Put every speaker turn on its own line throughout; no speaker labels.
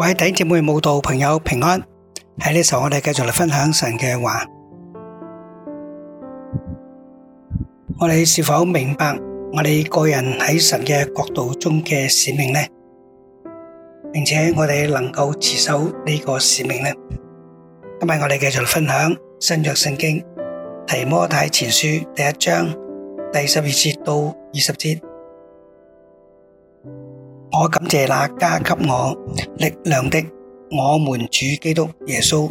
各位弟兄姊妹、慕道朋友平安，喺呢時候我哋繼續嚟分享神嘅話。我哋是否明白我哋個人喺神嘅國度中嘅使命呢？並且我哋能夠持守呢個使命呢？今日我哋繼續嚟分享新約聖經提摩太前書第一章第十二節到二十節。我感謝那加給我力量的，我們主基督耶穌，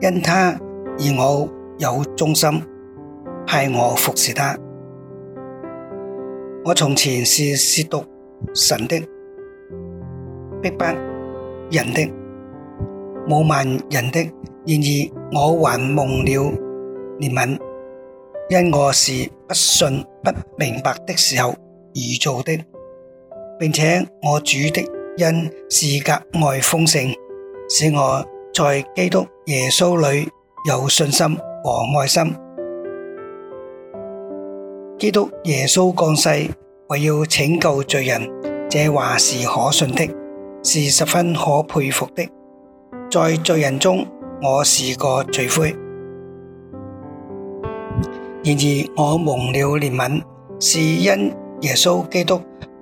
因他以我有忠心，派我服侍他。我從前是褻瀆神的，逼迫人的，侮慢人的；然而我還蒙了憐憫，因我是不信、不明白的時候而做的。並且我主的恩是格外豐盛，使我在基督耶穌裏有信心和愛心。基督耶穌降世，為要拯救罪人，這話是可信的，是十分可佩服的。在罪人中，我是個罪魁，然而我蒙了憐憫，是因耶穌基督。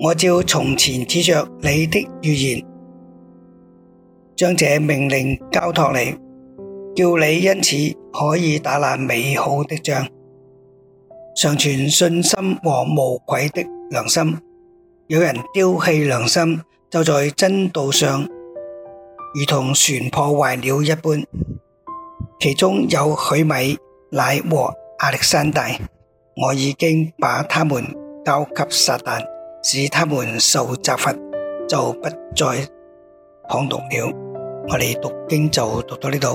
我照從前指着你的預言，將這命令交託你，叫你因此可以打那美好的仗，常存信心和無愧的良心。有人丟棄良心，就在真道上如同船破壞了一般。其中有許米乃和亞歷山大，我已經把他們交給撒旦。使他們受責罰，就不再狂讀了。我哋讀經就讀到呢度。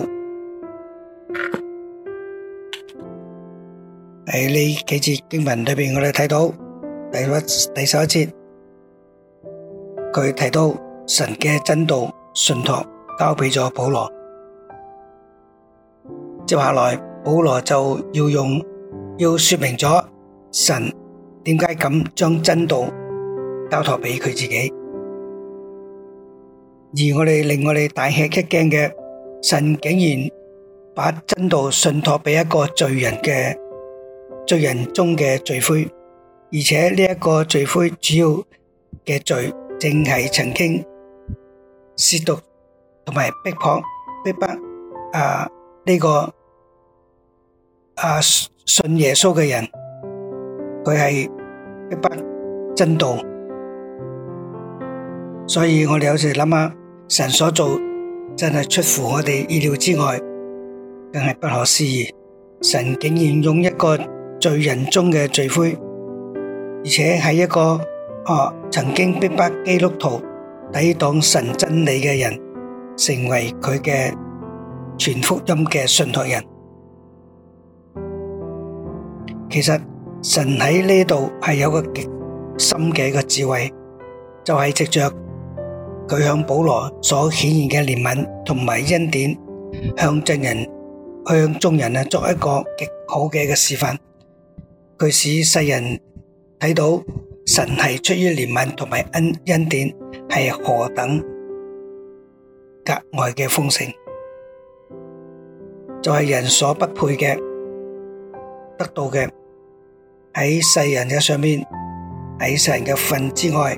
喺呢幾節經文裏面，我哋睇到第十一、第十一節，佢提到神嘅真道，信託交俾咗保羅。接下來，保羅就要用要說明咗神點解咁將真道。交託俾佢自己，而我哋令我哋大吃一驚嘅神，竟然把真道信託俾一個罪人嘅罪人中嘅罪魁，而且呢一個罪魁主要嘅罪，正係曾經褻瀆同埋逼迫逼迫啊呢、這個啊信耶穌嘅人，佢係逼迫真道。所以我哋有時諗下，神所做真係出乎我哋意料之外，更係不可思議。神竟然用一個罪人中嘅罪魁，而且係一個啊曾經逼迫基督徒抵擋神真理嘅人，成為佢嘅全福音嘅信託人。其實神喺呢度係有個極深嘅一個智慧，就係藉著。佢向保羅所顯現嘅憐憫同埋恩典，向世人、向眾人啊作一個極好嘅嘅示範。佢使世人睇到神係出於憐憫同埋恩恩典係何等格外嘅豐盛，就係人所不配嘅得到嘅，喺世人嘅上面，喺世人嘅份之外。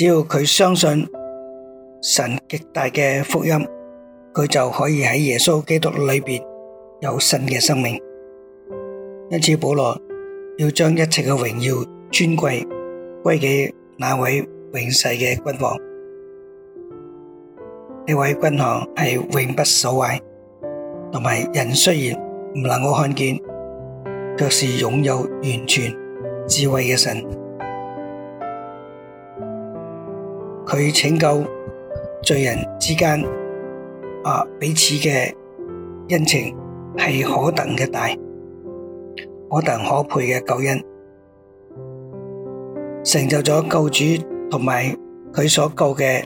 只要佢相信神極大嘅福音，佢就可以喺耶穌基督裏邊有新嘅生命。因此保羅要將一切嘅榮耀尊貴歸給那位永世嘅君王，呢位君王係永不朽壞，同埋人雖然唔能夠看見，卻是擁有完全智慧嘅神。佢拯救罪人之間，啊彼此嘅恩情係何等嘅大，可等可佩嘅救恩，成就咗救主同埋佢所救嘅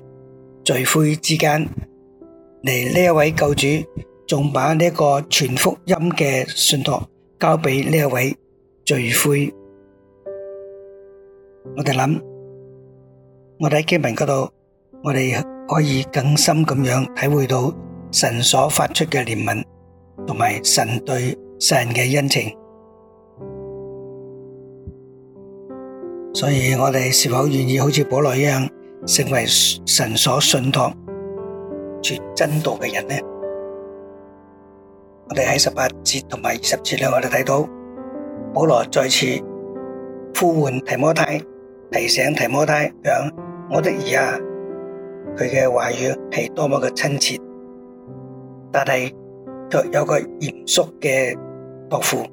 罪魁之間，嚟呢一位救主仲把呢一個全福音嘅信託交俾呢一位罪魁，我哋諗。我哋喺經文嗰度，我哋可以更深咁樣體會到神所發出嘅憐憫，同埋神對世人嘅恩情。所以我哋是否願意好似保羅一樣，成為神所信託、傳真道嘅人呢？我哋喺十八節同埋二十節咧，我哋睇到保羅再次呼喚提摩太，提醒提摩太響。我的兒啊，佢嘅話語係多麼嘅親切，但係卻有一個嚴肅嘅託付，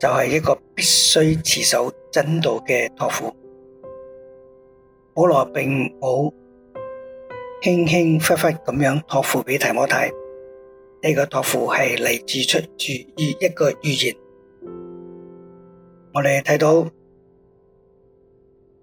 就係、是、一個必須持守真道嘅託付。保羅並冇輕輕忽忽咁樣託付俾提摩太，呢、這個託付係嚟自出自於一個預言。我哋睇到。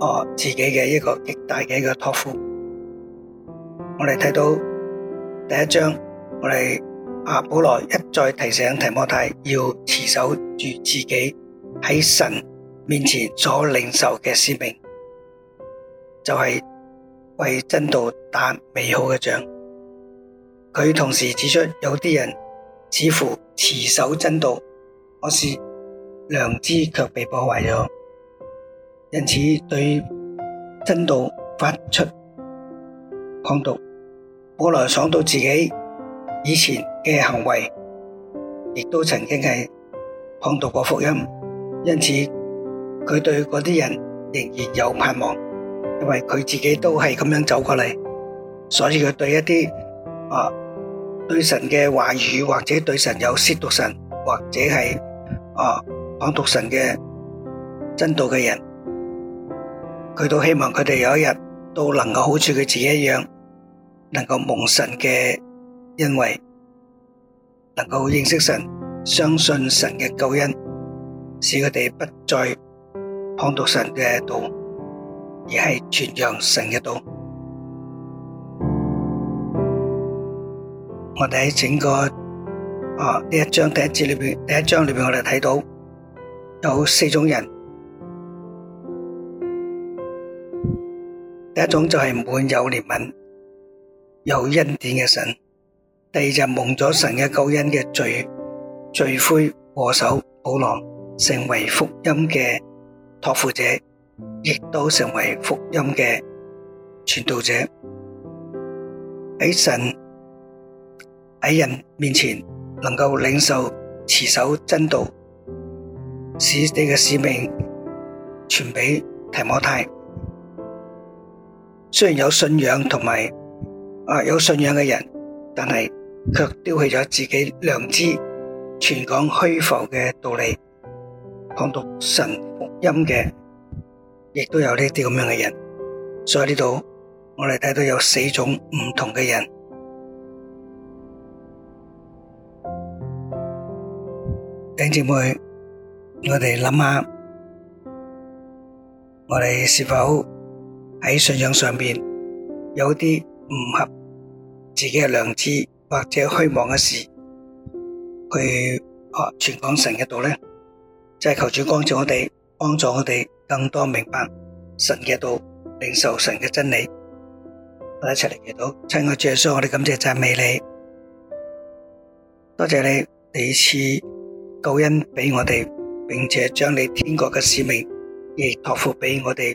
哦，自己嘅一個極大嘅一個託付，我哋睇到第一章，我哋阿保羅一再提醒提摩太要持守住自己喺神面前所領受嘅使命，就係、是、為真道打美好嘅仗。佢同時指出，有啲人似乎持守真道，可是良知卻被破壞咗。因此，對真道發出抗毒，本來想到自己以前嘅行為，亦都曾經係抗毒過福音。因此，佢對嗰啲人仍然有盼望，因為佢自己都係咁樣走過嚟，所以佢對一啲啊對神嘅話語，或者對神有褻瀆神，或者係啊抗毒神嘅真道嘅人。佢都希望佢哋有一日都能夠好似佢自己一樣，能夠蒙神嘅恩惠，能夠認識神、相信神嘅救恩，使佢哋不再叛讀神嘅道，而係傳揚神嘅道。我哋喺整個啊呢一章第一節裏邊，第一章裏邊我哋睇到有四種人。第一種就係滿有憐憫、有恩典嘅神；第二日，蒙咗神嘅救恩嘅罪罪魁禍首保羅，成為福音嘅託付者，亦都成為福音嘅傳道者，喺神喺人面前能夠領受持守真道，使你嘅使命傳俾提摩太。雖然有信仰同埋啊有信仰嘅人，但係卻丟棄咗自己良知，全講虛浮嘅道理，講讀神福音嘅，亦都有呢啲咁樣嘅人。所以呢度我哋睇到有四種唔同嘅人，弟兄姊妹，我哋諗下，我哋是否？喺信仰上邊有啲唔合自己嘅良知或者虛妄嘅事，去傳講神嘅道咧，就係求主光照我哋，幫助我哋更多明白神嘅道，領受神嘅真理。我哋一齊嚟祈禱，親愛的主耶穌，我哋感謝讚美你，多謝你第二次救恩俾我哋，並且將你天國嘅使命亦託付俾我哋。